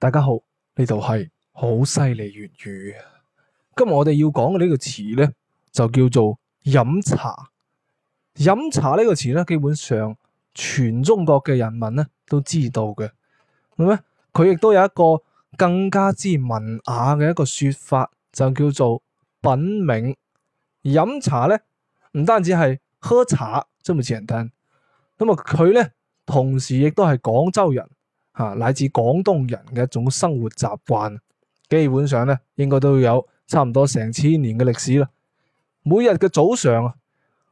大家好，呢度係猴塞雷粵語。今日我哋要講嘅呢個詞呢，就叫做飲茶。飲茶呢個詞呢，基本上全中國嘅人民咧都知道嘅，係咪？佢亦都有一個更加之文雅嘅一個說法，就叫做品茗。飲茶呢，唔單止係喝茶，真係似人聽？咁啊，佢呢，同時亦都係廣州人。啊，乃至廣東人嘅一種生活習慣，基本上咧應該都有差唔多成千年嘅歷史啦。每日嘅早上啊，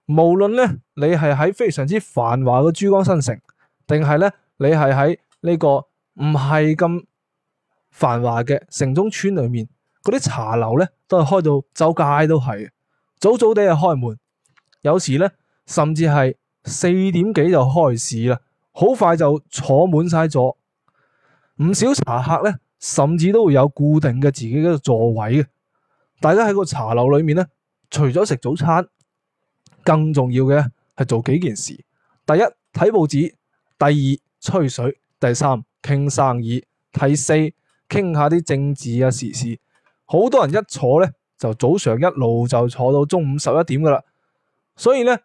無論咧你係喺非常之繁華嘅珠江新城，定係咧你係喺呢個唔係咁繁華嘅城中村裏面，嗰啲茶樓咧都係開到周街都係，早早地就開門，有時咧甚至係四點幾就開市啦，好快就坐滿晒咗。唔少茶客咧，甚至都會有固定嘅自己嘅座位嘅。大家喺個茶樓裏面咧，除咗食早餐，更重要嘅係做幾件事：第一睇報紙，第二吹水，第三傾生意，第四傾下啲政治啊時事。好多人一坐咧，就早上一路就坐到中午十一點噶啦。所以咧，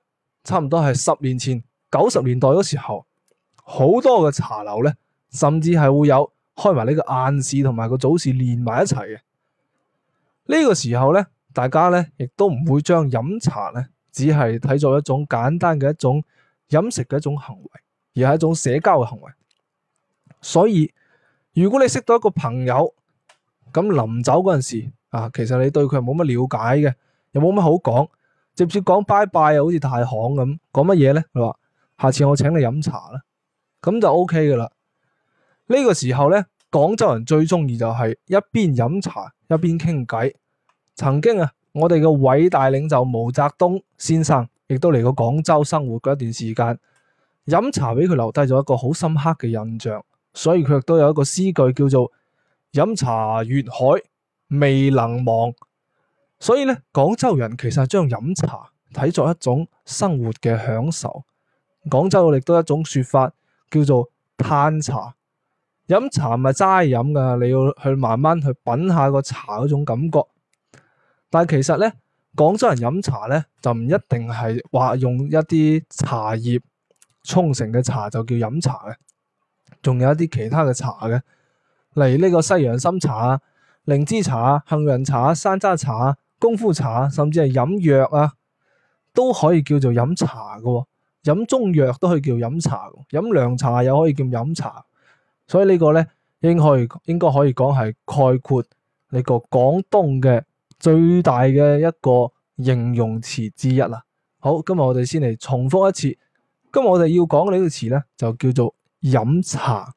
差唔多係十年前九十年代嗰時候，好多嘅茶樓咧。甚至係會有開埋呢個晏市同埋個早市連埋一齊嘅。呢個時候呢，大家呢亦都唔會將飲茶呢只係睇作一種簡單嘅一種飲食嘅一種行為，而係一種社交嘅行為。所以如果你識到一個朋友，咁臨走嗰陣時啊，其實你對佢係冇乜了解嘅，又冇乜好講，直接講拜拜啊，好似太行咁，講乜嘢呢？佢話下次我請你飲茶啦，咁就 OK 噶啦。呢個時候呢，廣州人最中意就係一邊飲茶一邊傾偈。曾經啊，我哋嘅偉大領袖毛澤東先生亦都嚟過廣州生活過一段時間，飲茶俾佢留低咗一個好深刻嘅印象，所以佢亦都有一個詩句叫做飲茶粵海未能忘。所以呢，廣州人其實係將飲茶睇作一種生活嘅享受。廣州亦都有一種說法叫做嘆茶。飲茶咪齋飲噶，你要去慢慢去品下個茶嗰種感覺。但係其實呢，廣州人飲茶呢，就唔一定係話用一啲茶葉沖成嘅茶就叫飲茶嘅，仲有一啲其他嘅茶嘅，例如呢個西洋參茶啊、靈芝茶啊、杏仁茶啊、山楂茶啊、功夫茶，甚至係飲藥啊，都可以叫做飲茶嘅喎。飲中藥都可以叫飲茶，飲涼茶又可以叫飲茶。所以呢個咧，應該可以應該可以講係概括你個廣東嘅最大嘅一個形容詞之一啦。好，今日我哋先嚟重複一次。今日我哋要講嘅呢個詞咧，就叫做飲茶。